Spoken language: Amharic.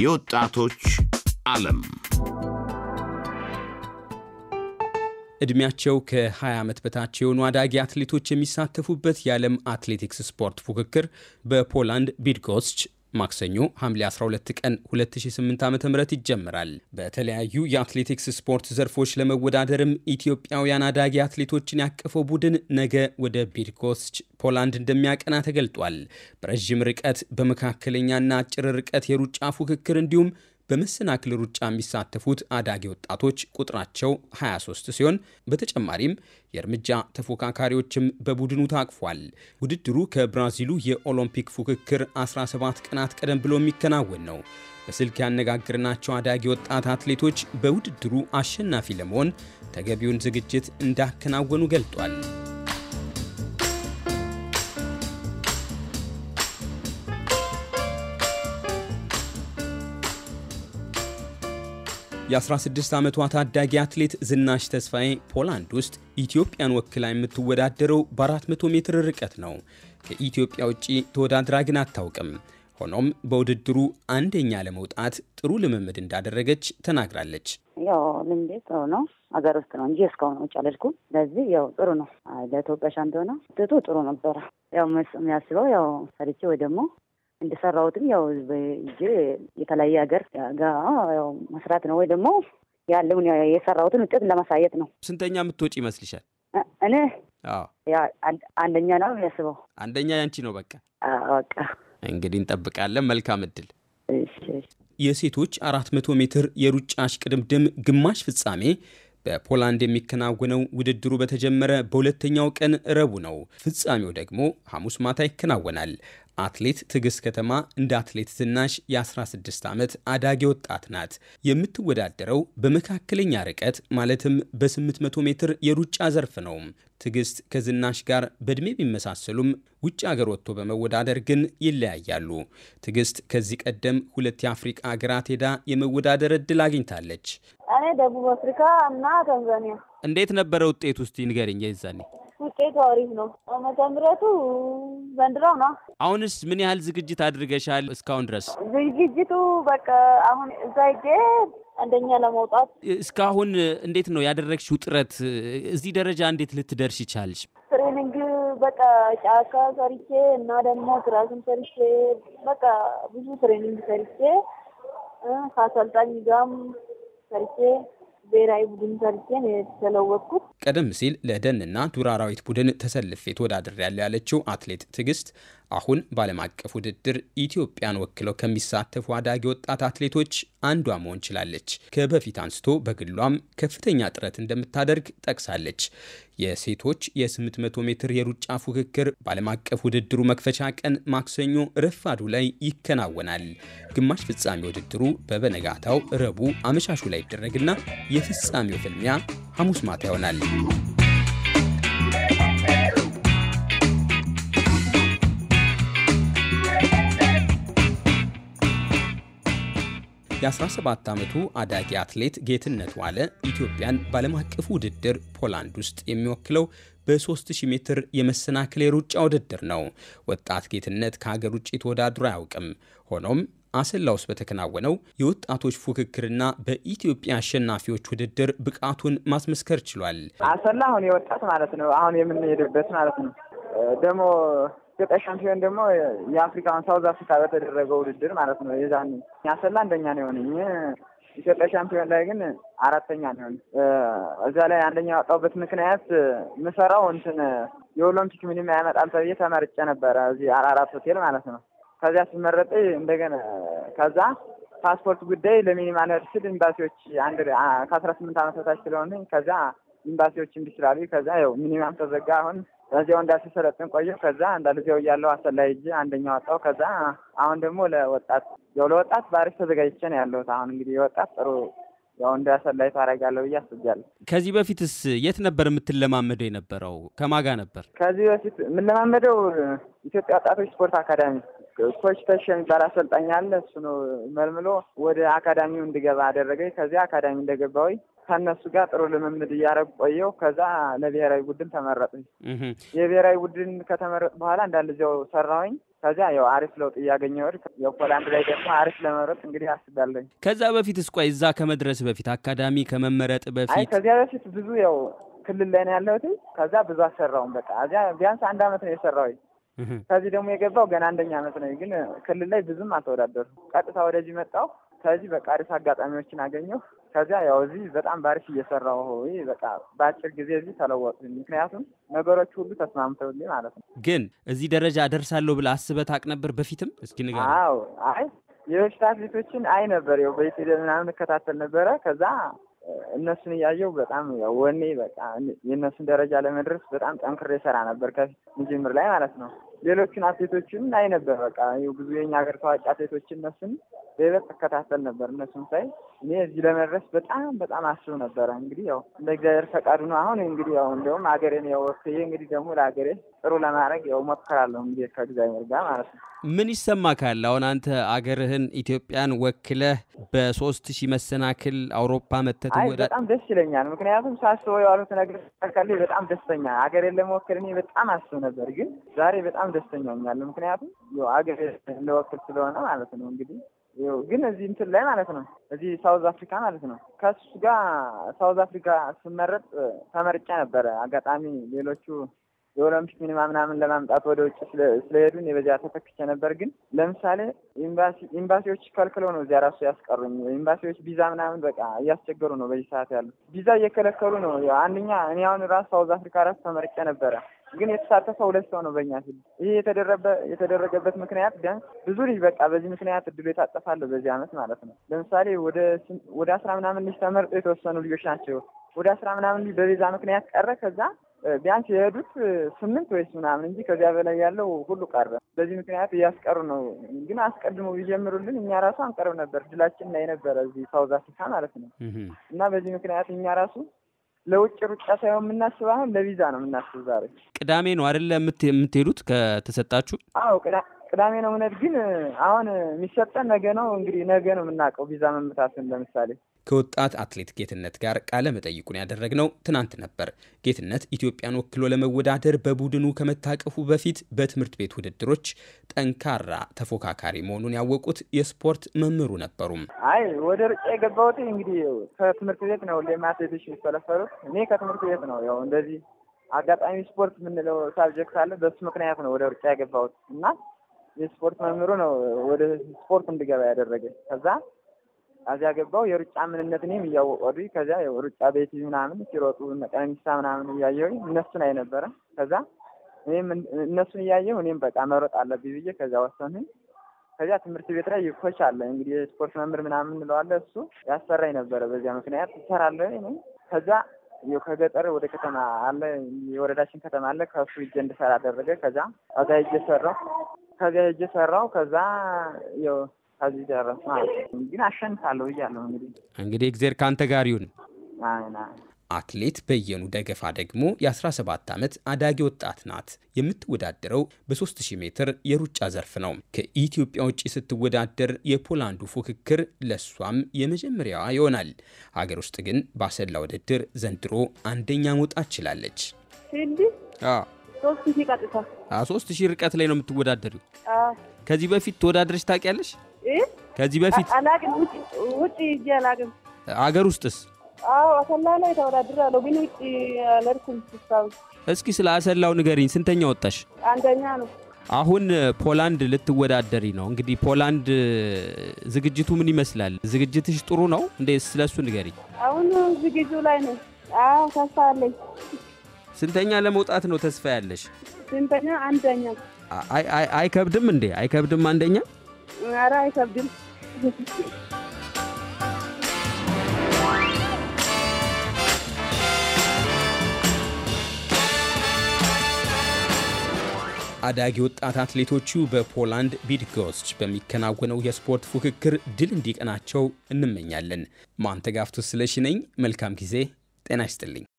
የወጣቶች ዓለም ዕድሜያቸው ከ20 ዓመት በታች የሆኑ አዳጊ አትሌቶች የሚሳተፉበት የዓለም አትሌቲክስ ስፖርት ፉክክር በፖላንድ ቢድጎስች ማክሰኞ ሐምሌ 12 ቀን 2008 ዓ ም ይጀምራል። በተለያዩ የአትሌቲክስ ስፖርት ዘርፎች ለመወዳደርም ኢትዮጵያውያን አዳጊ አትሌቶችን ያቀፈው ቡድን ነገ ወደ ቢድኮስች ፖላንድ እንደሚያቀና ተገልጧል። በረዥም ርቀት በመካከለኛና አጭር ርቀት የሩጫ ፉክክር እንዲሁም በመሰናክል ሩጫ የሚሳተፉት አዳጊ ወጣቶች ቁጥራቸው 23 ሲሆን በተጨማሪም የእርምጃ ተፎካካሪዎችም በቡድኑ ታቅፏል። ውድድሩ ከብራዚሉ የኦሎምፒክ ፉክክር 17 ቀናት ቀደም ብሎ የሚከናወን ነው። በስልክ ያነጋግርናቸው አዳጊ ወጣት አትሌቶች በውድድሩ አሸናፊ ለመሆን ተገቢውን ዝግጅት እንዳከናወኑ ገልጧል። የ16 ዓመቷ ታዳጊ አትሌት ዝናሽ ተስፋዬ ፖላንድ ውስጥ ኢትዮጵያን ወክላ የምትወዳደረው በ400 ሜትር ርቀት ነው። ከኢትዮጵያ ውጪ ተወዳድራ ግን አታውቅም። ሆኖም በውድድሩ አንደኛ ለመውጣት ጥሩ ልምምድ እንዳደረገች ተናግራለች። ያው ልምዴ ጥሩ ነው። ሀገር ውስጥ ነው እንጂ እስካሁን ውጭ አልሄድኩም። ስለዚህ ያው ጥሩ ነው። ለኢትዮጵያ ሻምፒዮና ጥጡ ጥሩ ነበረ። ያው የሚያስበው ያው ሰርቼ ወይ ደግሞ እንደሰራሁትም ያው በእጄ የተለያየ ሀገር መስራት ነው ወይ ደግሞ ያለውን የሰራሁትን ውጤት ለማሳየት ነው። ስንተኛ የምትወጪ ይመስልሻል? እኔ አንደኛ ነው የሚያስበው። አንደኛ ያንቺ ነው። በቃ በቃ እንግዲህ እንጠብቃለን። መልካም እድል። የሴቶች አራት መቶ ሜትር የሩጫ እሽቅድምድም ግማሽ ፍጻሜ በፖላንድ የሚከናወነው ውድድሩ በተጀመረ በሁለተኛው ቀን ረቡ ነው። ፍጻሜው ደግሞ ሐሙስ ማታ ይከናወናል። አትሌት ትዕግስት ከተማ እንደ አትሌት ዝናሽ የ16 ዓመት አዳጊ ወጣት ናት። የምትወዳደረው በመካከለኛ ርቀት ማለትም በ800 ሜትር የሩጫ ዘርፍ ነው። ትዕግስት ከዝናሽ ጋር በእድሜ ቢመሳሰሉም ውጭ አገር ወጥቶ በመወዳደር ግን ይለያያሉ። ትዕግስት ከዚህ ቀደም ሁለት የአፍሪቃ አገራት ሄዳ የመወዳደር እድል አግኝታለች። እኔ ደቡብ አፍሪካ እና ተንዛኒያ። እንዴት ነበረ ውጤት? ውስጥ ንገርኝ። የዛኔ ውጤቱ አሪፍ ነው። ዓመተ ዘንድሮ ነው። አሁንስ ምን ያህል ዝግጅት አድርገሻል እስካሁን ድረስ? ዝግጅቱ በቃ አሁን እዛ ሄጄ አንደኛ ለመውጣት። እስካሁን እንዴት ነው ያደረግሽው ጥረት? እዚህ ደረጃ እንዴት ልትደርሽ ይቻልሽ? ትሬኒንግ በቃ ጫካ ሰርቼ እና ደግሞ ትራስም ሰርቼ በቃ ብዙ ትሬኒንግ ሰርቼ ከአሰልጣኝ ጋም ሰርቼ ብሔራዊ ቡድን ሰርቼ የተለወጥኩት። ቀደም ሲል ለደንና ዱር አራዊት ቡድን ተሰልፌ ተወዳድሬያለሁ ያለችው አትሌት ትዕግስት አሁን በዓለም አቀፍ ውድድር ኢትዮጵያን ወክለው ከሚሳተፉ አዳጊ ወጣት አትሌቶች አንዷ መሆን ችላለች። ከበፊት አንስቶ በግሏም ከፍተኛ ጥረት እንደምታደርግ ጠቅሳለች። የሴቶች የ800 ሜትር የሩጫ ፉክክር በዓለም አቀፍ ውድድሩ መክፈቻ ቀን ማክሰኞ ረፋዱ ላይ ይከናወናል። ግማሽ ፍጻሜ ውድድሩ በበነጋታው ረቡ አመሻሹ ላይ ይደረግና የፍጻሜው ፍልሚያ ሐሙስ ማታ ይሆናል። የ17 ዓመቱ አዳጊ አትሌት ጌትነት ዋለ ኢትዮጵያን በዓለም አቀፉ ውድድር ፖላንድ ውስጥ የሚወክለው በ3000 ሜትር የመሰናክል የሩጫ ውድድር ነው። ወጣት ጌትነት ከሀገር ውጭ ተወዳድሮ አያውቅም። ሆኖም አሰላ ውስጥ በተከናወነው የወጣቶች ፉክክርና በኢትዮጵያ አሸናፊዎች ውድድር ብቃቱን ማስመስከር ችሏል። አሰላ አሁን የወጣት ማለት ነው። አሁን የምንሄድበት ማለት ነው ደግሞ ኢትዮጵያ ሻምፒዮን ደግሞ የአፍሪካን ሳውዝ አፍሪካ በተደረገው ውድድር ማለት ነው። የዛን ያሰላ አንደኛ ነው የሆነኝ። ኢትዮጵያ ሻምፒዮን ላይ ግን አራተኛ ነው እዛ ላይ አንደኛ ያወጣሁበት ምክንያት ምሰራው እንትን የኦሎምፒክ ምንም ያመጣል ተብዬ ተመርጬ ነበረ እዚህ አራራት ሆቴል ማለት ነው። ከዚያ ስመረጥ እንደገና ከዛ ፓስፖርት ጉዳይ ለሚኒማል ስል ኤምባሲዎች አንድ ከአስራ ስምንት ዓመት በታች ስለሆነ ከዛ ኤምባሲዎች እምቢ ስላሉ ከዛ ያው ሚኒማም ተዘጋ አሁን እዚያው እንዳሲሰለጥን ቆየሁ። ከዛ አንዳንድ እዚያው እያለሁ አሰላይ እጅ አንደኛው ወጣሁ። ከዛ አሁን ደግሞ ለወጣት ያው ለወጣት በአሪፍ ተዘጋጅቼ ነው ያለሁት። አሁን እንግዲህ የወጣት ጥሩ ያው እንደ አሰላይ ታደርጋለሁ ብዬ አስቤያለሁ። ከዚህ በፊትስ የት ነበር የምትለማመደው የነበረው? ከማጋ ነበር ከዚህ በፊት የምለማመደው ኢትዮጵያ ወጣቶች ስፖርት አካዳሚ ኮች ተሽ የሚባል አሰልጣኝ አለ። እሱ ነው መልምሎ ወደ አካዳሚው እንድገባ አደረገኝ። ከዚያ አካዳሚ እንደገባሁኝ ከእነሱ ጋር ጥሩ ልምምድ እያደረጉ ቆየው። ከዛ ለብሔራዊ ቡድን ተመረጥኝ። የብሔራዊ ቡድን ከተመረጥ በኋላ እንዳንድ እዚያው ሰራሁኝ። ከዚያ ያው አሪፍ ለውጥ እያገኘሁ የፖላንድ ላይ ደግሞ አሪፍ ለመረጥ እንግዲህ አስባለኝ። ከዛ በፊት እስኳ እዛ ከመድረስ በፊት አካዳሚ ከመመረጥ በፊት ከዚያ በፊት ብዙ ያው ክልል ላይ ነው ያለሁት። ከዛ ብዙ አሰራውም በቃ እዚያ ቢያንስ አንድ አመት ነው የሰራሁኝ። ከዚህ ደግሞ የገባው ገና አንደኛ አመት ነው፣ ግን ክልል ላይ ብዙም አልተወዳደሩ። ቀጥታ ወደዚህ መጣሁ። ከዚህ በቃ አሪፍ አጋጣሚዎችን አገኘሁ። ከዚያ ያው እዚህ በጣም ባሪፍ እየሰራሁ በቃ በአጭር ጊዜ እዚህ ተለወጡ። ምክንያቱም ነገሮች ሁሉ ተስማምተውልኝ ማለት ነው። ግን እዚህ ደረጃ ደርሳለሁ ብለህ አስበህ ታውቅ ነበር በፊትም? እስኪ ንገረኝ። አዎ፣ አይ የበሽታ ፊቶችን አይ ነበር ያው በኢትዮጵያ ምናምን እከታተል ነበረ። ከዛ እነሱን እያየው በጣም ወኔ በቃ የእነሱን ደረጃ ለመድረስ በጣም ጠንክሬ ሰራ ነበር ከፊት ምጅምር ላይ ማለት ነው። ሌሎችን አትሌቶችን አይ ነበር። በቃ ብዙ የኛ ሀገር ታዋቂ አትሌቶች እነሱን በይበት ተከታተል ነበር። እነሱን ሳይ እኔ እዚህ ለመድረስ በጣም በጣም አስብ ነበረ። እንግዲህ ያው እንደ እግዚአብሔር ፈቃዱ ነው። አሁን እንግዲህ ያው እንዲሁም ሀገሬን ያው ወስዬ እንግዲህ ደግሞ ለሀገሬ ጥሩ ለማድረግ ያው ሞክራለሁ እንግዲህ ከእግዚአብሔር ጋር ማለት ነው። ምን ይሰማ ይሰማካል? አሁን አንተ አገርህን ኢትዮጵያን ወክለህ በሶስት ሺህ መሰናክል አውሮፓ መተት ወደ በጣም ደስ ይለኛል። ምክንያቱም ሳስበው የዋሉት ነገር ካለ በጣም ደስተኛ ሀገሬን ለመወከል እኔ በጣም አስብ ነበር፣ ግን ዛሬ በጣም በጣም ደስተኛ ሆኛለሁ። ምክንያቱም አገር እንደወክል ስለሆነ ማለት ነው እንግዲህ ግን እዚህ እንትን ላይ ማለት ነው እዚህ ሳውዝ አፍሪካ ማለት ነው ከሱ ጋር ሳውዝ አፍሪካ ስመረጥ ተመርጫ ነበረ። አጋጣሚ ሌሎቹ የኦሎምፒክ ሚኒማ ምናምን ለማምጣት ወደ ውጭ ስለሄዱ እኔ በዚያ ተተክቼ ነበር። ግን ለምሳሌ ኤምባሲዎች ከልክለው ነው እዚያ ራሱ ያስቀሩኝ። ኤምባሲዎች ቪዛ ምናምን በቃ እያስቸገሩ ነው በዚህ ሰዓት ያሉት ቪዛ እየከለከሉ ነው። አንደኛ እኔ አሁን ራሱ ሳውዝ አፍሪካ ራሱ ተመርጬ ነበረ ግን የተሳተፈ ሁለት ሰው ነው በእኛ ፊልድ። ይህ የተደረገበት ምክንያት ቢያንስ ብዙ ልጅ በቃ በዚህ ምክንያት እድሉ የታጠፋለሁ በዚህ አመት ማለት ነው። ለምሳሌ ወደ አስራ ምናምን ልጅ ተመርጦ የተወሰኑ ልጆች ናቸው። ወደ አስራ ምናምን ልጅ በቤዛ ምክንያት ቀረ። ከዛ ቢያንስ የሄዱት ስምንት ወይስ ምናምን እንጂ ከዚያ በላይ ያለው ሁሉ ቀረ። በዚህ ምክንያት እያስቀሩ ነው። ግን አስቀድሞ ቢጀምሩልን እኛ ራሱ አንቀርብ ነበር። ድላችን ላይ ነበረ እዚህ ሳውዝ አፍሪካ ማለት ነው። እና በዚህ ምክንያት እኛ ራሱ ለውጭ ሩጫ ሳይሆን የምናስብ አሁን ለቪዛ ነው የምናስብ። ዛሬ ቅዳሜ ነው አይደለ የምትሄዱት? ከተሰጣችሁ። አዎ ቅዳሜ ነው እውነት። ግን አሁን የሚሰጠን ነገ ነው። እንግዲህ ነገ ነው የምናውቀው ቪዛ መምታትን ለምሳሌ ከወጣት አትሌት ጌትነት ጋር ቃለ መጠይቁን ያደረግነው ትናንት ነበር። ጌትነት ኢትዮጵያን ወክሎ ለመወዳደር በቡድኑ ከመታቀፉ በፊት በትምህርት ቤት ውድድሮች ጠንካራ ተፎካካሪ መሆኑን ያወቁት የስፖርት መምህሩ ነበሩም። አይ ወደ ሩጫ የገባሁት እንግዲህ ከትምህርት ቤት ነው። ለማትሌቶች የሚፈለፈሉት እኔ ከትምህርት ቤት ነው። ያው እንደዚህ አጋጣሚ ስፖርት የምንለው ሳብጀክት አለ። በሱ ምክንያት ነው ወደ ሩጫ የገባሁት እና የስፖርት መምህሩ ነው ወደ ስፖርት እንድገባ ያደረገ ከዛ አዚያ ገባው የሩጫ ምንነት እኔም እያወቀዱኝ ከዚያ ሩጫ ቤት ምናምን ሲሮጡ ቀነኒሳ ምናምን እያየሁኝ እነሱን አይነበረ ከዛ እኔም እነሱን እያየሁ እኔም በቃ መሮጥ አለብኝ ብዬ ከዚያ ወሰንሁኝ። ከዚያ ትምህርት ቤት ላይ ኮች አለ እንግዲህ የስፖርት መምህር ምናምን እንለዋለ እሱ ያሰራኝ ነበረ። በዚያ ምክንያት ይሰራለ ከዛ ከገጠር ወደ ከተማ አለ የወረዳችን ከተማ አለ ከሱ እጀ እንድሰራ አደረገ። ከዛ ከዛ እጀ ሰራው ከዚያ እጀ ሰራው ከዛ ከዚህ ደረስ ማለት ነው። ግን አሸንፋለሁ እያለሁ እንግዲህ እንግዲህ እግዜር ከአንተ ጋር ይሁን። አትሌት በየኑ ደገፋ ደግሞ የ17 ዓመት አዳጊ ወጣት ናት። የምትወዳደረው በ3000 ሜትር የሩጫ ዘርፍ ነው። ከኢትዮጵያ ውጭ ስትወዳደር የፖላንዱ ፉክክር ለሷም የመጀመሪያዋ ይሆናል። ሀገር ውስጥ ግን ባሰላ ውድድር ዘንድሮ አንደኛ መውጣት ችላለች። ሶስት ሺህ ርቀት ላይ ነው የምትወዳደሪው። ከዚህ በፊት ተወዳደረች ታውቂያለሽ? ከዚህ በፊት አላውቅም። ውጭ ሂጅ አላውቅም። አገር ውስጥስ? አዎ አሰላ ላይ ተወዳድራለሁ ግን ውጭ አልሄድኩም። እስኪ ስለ አሰላው ንገሪኝ። ስንተኛ ወጣሽ? አንደኛ ነው። አሁን ፖላንድ ልትወዳደሪ ነው። እንግዲህ ፖላንድ ዝግጅቱ ምን ይመስላል? ዝግጅትሽ ጥሩ ነው እንዴ? እሱ ንገሪኝ። አሁን ዝግጁ ላይ ነው። አዎ ተስፋ አለኝ። ስንተኛ ለመውጣት ነው ተስፋ ያለሽ? ስንተኛ? አንደኛ። አይከብድም እንዴ? አይከብድም አንደኛ ኧረ አይከብድም። አዳጊ ወጣት አትሌቶቹ በፖላንድ ቢድጎስች በሚከናወነው የስፖርት ፉክክር ድል እንዲቀናቸው እንመኛለን። ማንተጋፍቱ ስለሽነኝ መልካም ጊዜ። ጤና ይስጥልኝ።